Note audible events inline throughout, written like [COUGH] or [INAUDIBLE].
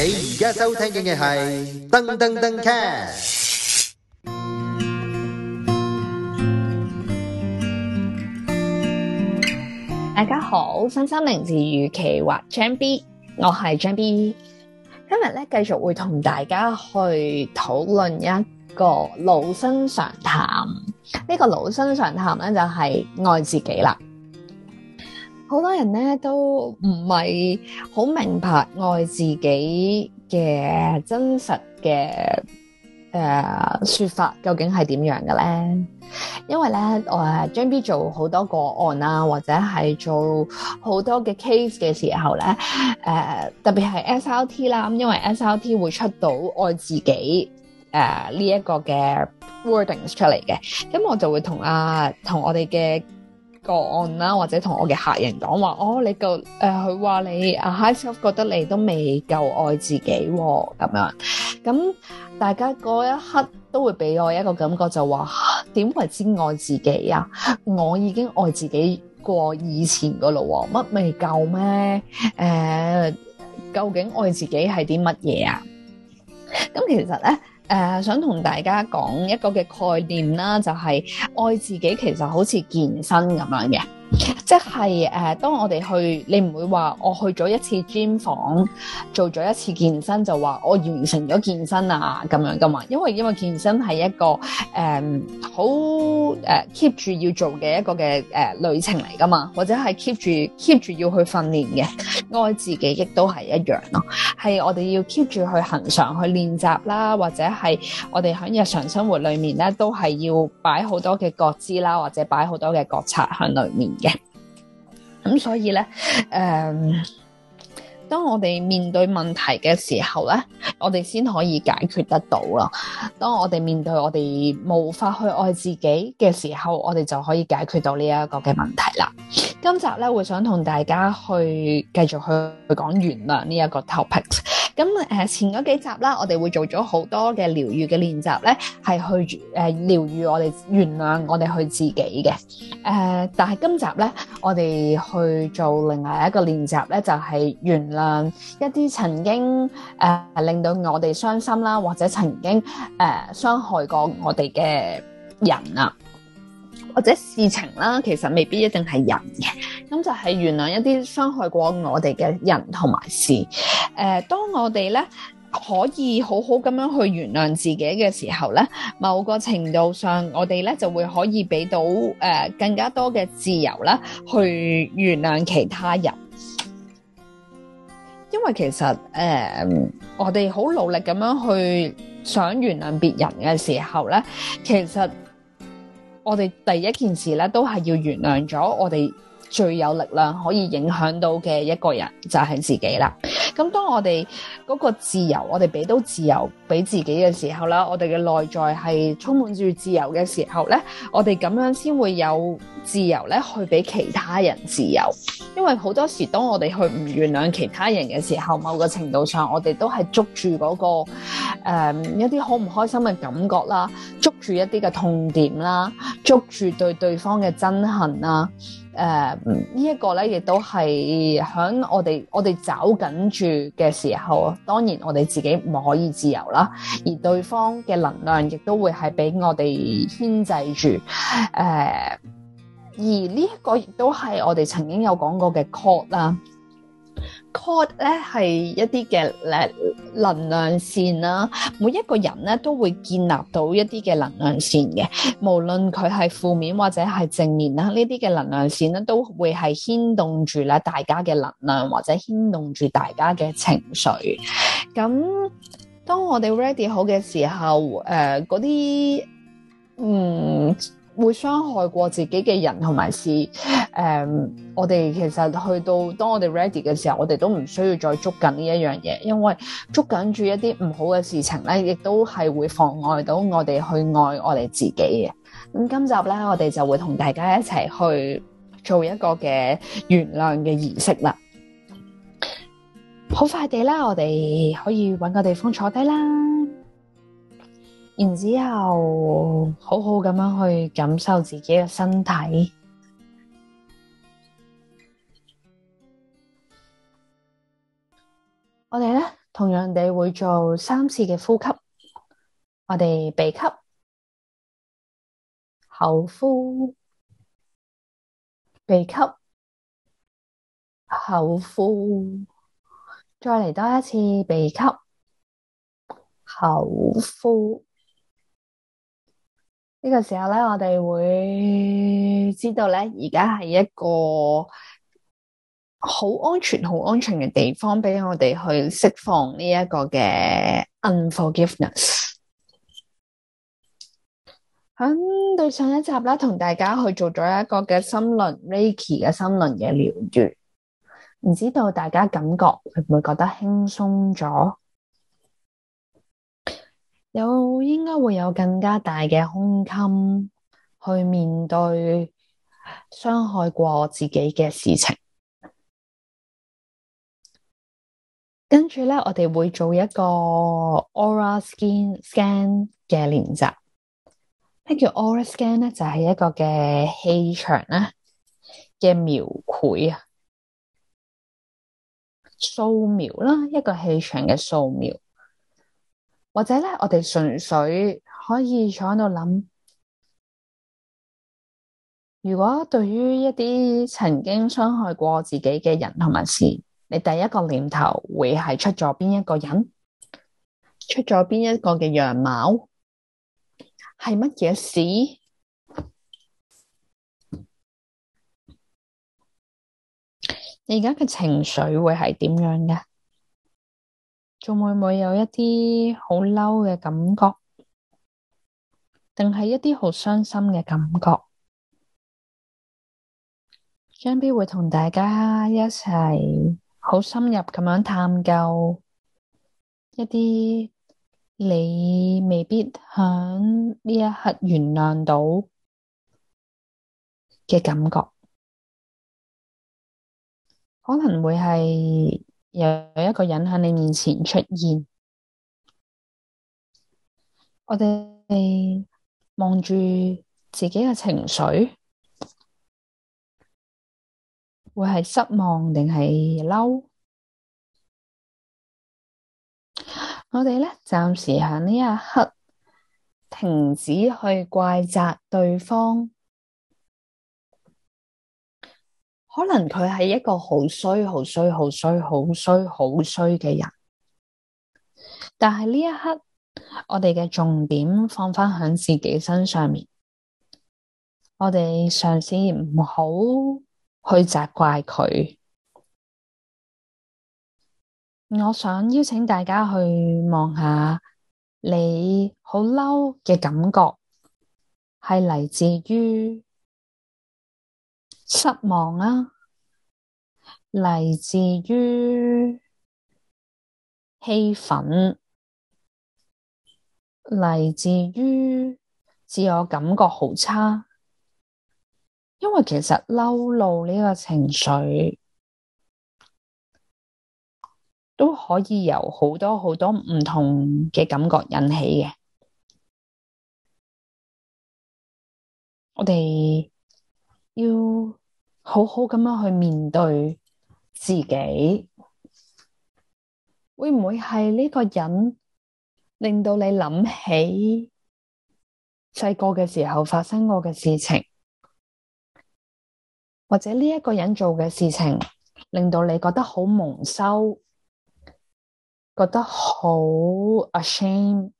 你而家收聽嘅係《噔噔噔 cast》。大家好，身心靈治愈奇話張 B，我係張 B。今日咧繼續會同大家去討論一個老生常談，呢個老生常談咧就係愛自己啦。好多人咧都唔係好明白愛自己嘅真實嘅誒說法究竟係點樣嘅咧？因為咧，我係將 B 做好多個案啦，或者係做好多嘅 case 嘅時候咧，誒、呃、特別係 SLT 啦，咁因為 SLT 會出到愛自己誒呢一個嘅 wordings 出嚟嘅，咁我就會同啊同我哋嘅。個案啦，或者同我嘅客人講話，哦，你夠誒，佢、呃、話你啊 high self [MUSIC] 覺得你都未夠愛自己咁、哦、樣，咁大家嗰一刻都會俾我一個感覺就，就話點為之愛自己啊？我已經愛自己過以前噶啦、哦，乜未夠咩？誒、呃，究竟愛自己係啲乜嘢啊？咁其實咧。誒、呃，想同大家講一個嘅概念啦，就係、是、愛自己其實好似健身咁樣嘅。即係誒，當我哋去，你唔會話我去咗一次 gym 房做咗一次健身就話我完成咗健身啊，咁樣噶嘛？因為因為健身係一個誒好誒 keep 住要做嘅一個嘅誒旅程嚟噶嘛，或者係 keep 住 keep 住要去訓練嘅，我自己亦都係一樣咯，係我哋要 keep 住去恆常去練習啦，或者係我哋喺日常生活裏面咧都係要擺好多嘅覺知啦，或者擺好多嘅覺察喺裏面嘅。咁所以咧，誒、嗯，當我哋面對問題嘅時候咧，我哋先可以解決得到啦。當我哋面對我哋無法去愛自己嘅時候，我哋就可以解決到呢一個嘅問題啦。今集咧會想同大家去繼續去講原諒呢一個 topic。咁誒前嗰幾集啦，我哋會做咗好多嘅療愈嘅練習咧，係去誒療愈我哋、原諒我哋去自己嘅。誒，但係今集咧，我哋去做另外一個練習咧，就係原諒一啲曾經誒令到我哋傷心啦，或者曾經誒傷害過我哋嘅人啊。或者事情啦，其實未必一定係人嘅，咁就係原諒一啲傷害過我哋嘅人同埋事。誒、呃，當我哋咧可以好好咁樣去原諒自己嘅時候咧，某個程度上我哋咧就會可以俾到誒、呃、更加多嘅自由啦，去原諒其他人。因為其實誒、呃，我哋好努力咁樣去想原諒別人嘅時候咧，其實。我哋第一件事咧，都係要原諒咗我哋最有力量可以影響到嘅一個人，就係自己啦。咁當我哋嗰個自由，我哋俾到自由俾自己嘅時候啦，我哋嘅內在係充滿住自由嘅時候咧，我哋咁樣先會有自由咧去俾其他人自由。因為好多時當我哋去唔原諒其他人嘅時候，某個程度上我哋都係捉住嗰個、呃、一啲好唔開心嘅感覺啦，捉住一啲嘅痛點啦，捉住對對方嘅憎恨啦。誒，uh, 呢一個咧，亦都係喺我哋我哋找緊住嘅時候，當然我哋自己唔可以自由啦，而對方嘅能量亦都會係俾我哋牽制住。誒、uh，而呢一個亦都係我哋曾經有講過嘅 call 啦。cord 咧係一啲嘅能能量線啦，每一個人咧都會建立到一啲嘅能量線嘅，無論佢係負面或者係正面啦，呢啲嘅能量線咧都會係牽動住咧大家嘅能量或者牽動住大家嘅情緒。咁當我哋 ready 好嘅時候，誒嗰啲嗯。會傷害過自己嘅人同埋事，誒、呃，我哋其實去到當我哋 ready 嘅時候，我哋都唔需要再捉緊呢一樣嘢，因為捉緊住一啲唔好嘅事情咧，亦都係會妨礙到我哋去愛我哋自己嘅。咁、嗯、今集咧，我哋就會同大家一齊去做一個嘅原諒嘅儀式啦。好快地啦，我哋可以揾個地方坐低啦。然之後，好好咁樣去感受自己嘅身體。我哋呢，同樣地會做三次嘅呼吸。我哋鼻吸、口呼、鼻吸、口呼，再嚟多一次鼻吸、口呼。呢個時候咧，我哋會知道咧，而家係一個好安全、好安全嘅地方，俾我哋去釋放呢一個嘅 unforgiveness。喺對上一集啦，同大家去做咗一個嘅心輪 Reiki 嘅心輪嘅療愈，唔知道大家感覺會唔會覺得輕鬆咗？有，應該會有更加大嘅胸襟去面對傷害過自己嘅事情。跟住咧，我哋會做一個 Aura Skin Scan 嘅練習。咩叫 Aura Scan 咧？就係、是、一個嘅氣場啦，嘅描繪啊，掃描啦，一個氣場嘅掃描。或者呢，我哋純粹可以坐喺度諗，如果對於一啲曾經傷害過自己嘅人同埋事，你第一個念頭會係出咗邊一個人？出咗邊一個嘅樣貌？係乜嘢事？你而家嘅情緒會係點樣嘅？仲會唔會有一啲好嬲嘅感覺，定係一啲好傷心嘅感覺？將必會同大家一齊好深入咁樣探究一啲你未必響呢一刻原諒到嘅感覺，可能會係。有一個人喺你面前出現，我哋望住自己嘅情緒，會係失望定係嬲？我哋咧暫時喺呢一刻停止去怪責對方。可能佢係一個好衰、好衰、好衰、好衰、好衰嘅人，但係呢一刻，我哋嘅重點放翻響自己身上面，我哋嘗試唔好去責怪佢。我想邀請大家去望下，你好嬲嘅感覺係嚟自於。失望啦、啊，嚟自於氣憤，嚟自於自我感覺好差，因為其實嬲怒呢個情緒都可以由好多好多唔同嘅感覺引起嘅，我哋。要好好咁樣去面對自己，會唔會係呢個人令到你諗起細個嘅時候發生過嘅事情，或者呢一個人做嘅事情，令到你覺得好蒙羞，覺得好 ashamed，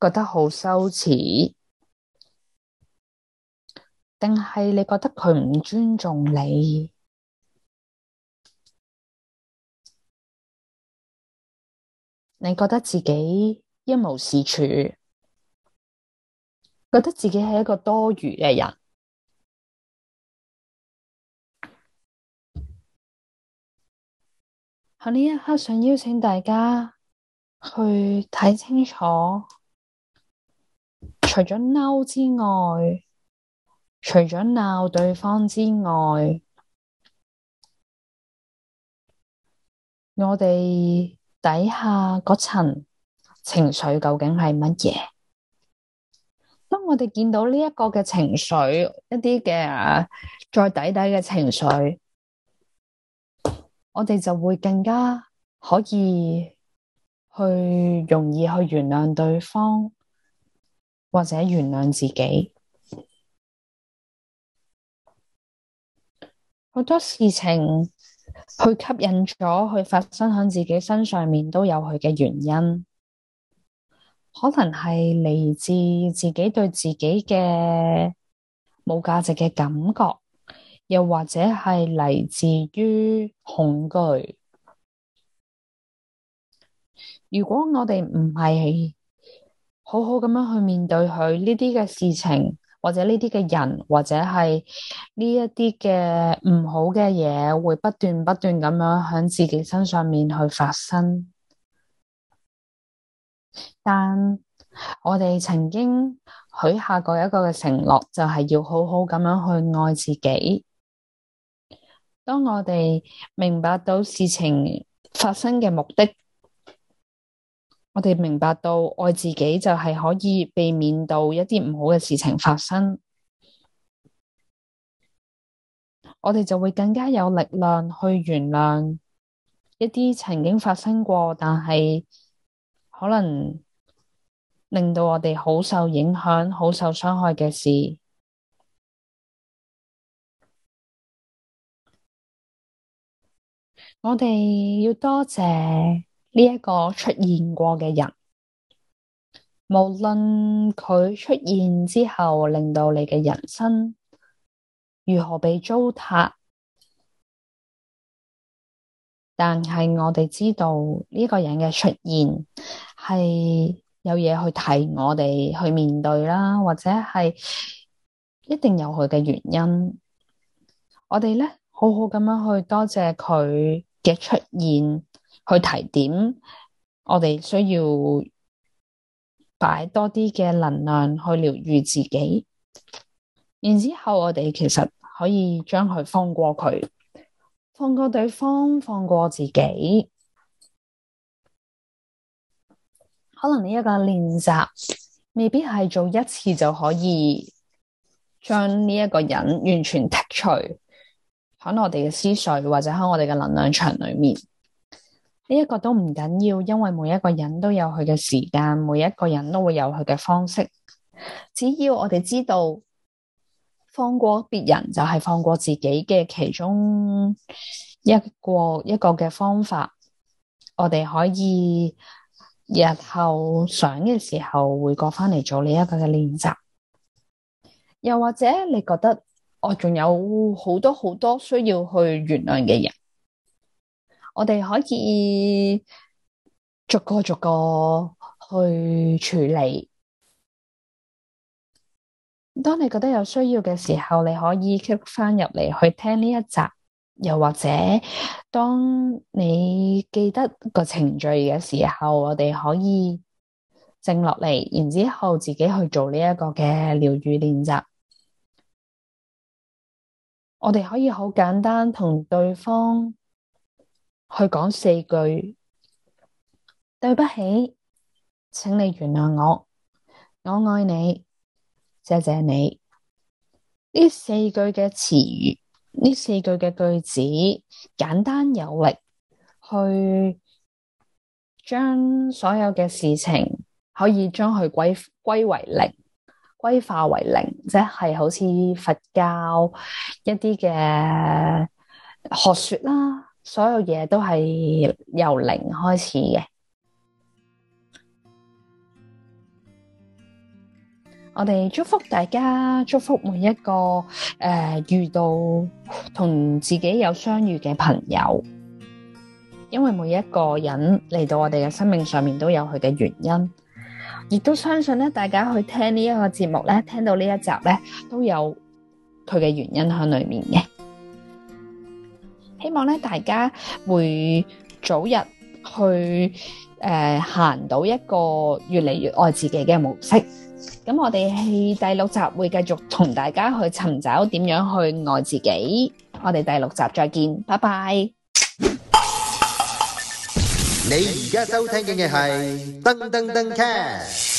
覺得好羞恥？定係你覺得佢唔尊重你？你覺得自己一無是處，覺得自己係一個多餘嘅人。喺呢一刻，想邀請大家去睇清楚，除咗嬲之外。除咗鬧對方之外，我哋底下嗰層情緒究竟係乜嘢？當我哋見到呢一個嘅情緒，一啲嘅再底底嘅情緒，我哋就會更加可以去容易去原諒對方，或者原諒自己。好多事情佢吸引咗，佢發生喺自己身上面，都有佢嘅原因。可能係嚟自自己對自己嘅冇價值嘅感覺，又或者係嚟自於恐懼。如果我哋唔係好好咁樣去面對佢呢啲嘅事情。或者呢啲嘅人，或者係呢一啲嘅唔好嘅嘢，會不斷不斷咁樣響自己身上面去發生。但，我哋曾經許下過一個嘅承諾，就係要好好咁樣去愛自己。當我哋明白到事情發生嘅目的。我哋明白到愛自己就係可以避免到一啲唔好嘅事情發生，我哋就會更加有力量去原諒一啲曾經發生過，但係可能令到我哋好受影響、好受傷害嘅事。我哋要多謝。呢一個出現過嘅人，無論佢出現之後令到你嘅人生如何被糟蹋，但係我哋知道呢個人嘅出現係有嘢去睇。我哋去面對啦，或者係一定有佢嘅原因。我哋呢好好咁樣去多謝佢嘅出現。去提點，我哋需要擺多啲嘅能量去療愈自己，然之後我哋其實可以將佢放過佢，放過對方，放過自己。可能呢一個練習未必係做一次就可以將呢一個人完全剔除喺我哋嘅思緒或者喺我哋嘅能量場裏面。呢一個都唔緊要，因為每一個人都有佢嘅時間，每一個人都會有佢嘅方式。只要我哋知道，放過別人就係放過自己嘅其中一個一個嘅方法，我哋可以日後想嘅時候回顧翻嚟做呢一個嘅練習。又或者你覺得我仲、哦、有好多好多需要去原諒嘅人。我哋可以逐個逐個去處理。當你覺得有需要嘅時候，你可以 keep 翻入嚟去聽呢一集。又或者，當你記得個程序嘅時候，我哋可以靜落嚟，然之後自己去做呢一個嘅療癒練習。我哋可以好簡單同對方。去講四句對不起，請你原諒我，我愛你，謝謝你。呢四句嘅詞語，呢四句嘅句子，簡單有力，去將所有嘅事情可以將佢歸歸為零，歸化為零，即係好似佛教一啲嘅學說啦。所有嘢都係由零開始嘅。我哋祝福大家，祝福每一個誒遇到同自己有相遇嘅朋友。因為每一個人嚟到我哋嘅生命上面都有佢嘅原因，亦都相信咧，大家去聽呢一個節目咧，聽到呢一集咧，都有佢嘅原因喺裏面嘅。希望咧，大家會早日去誒行到一個越嚟越愛自己嘅模式。咁我哋係第六集會繼續同大家去尋找點樣去愛自己。我哋第六集再見，拜拜。你而家收聽緊嘅係噔噔噔 cast。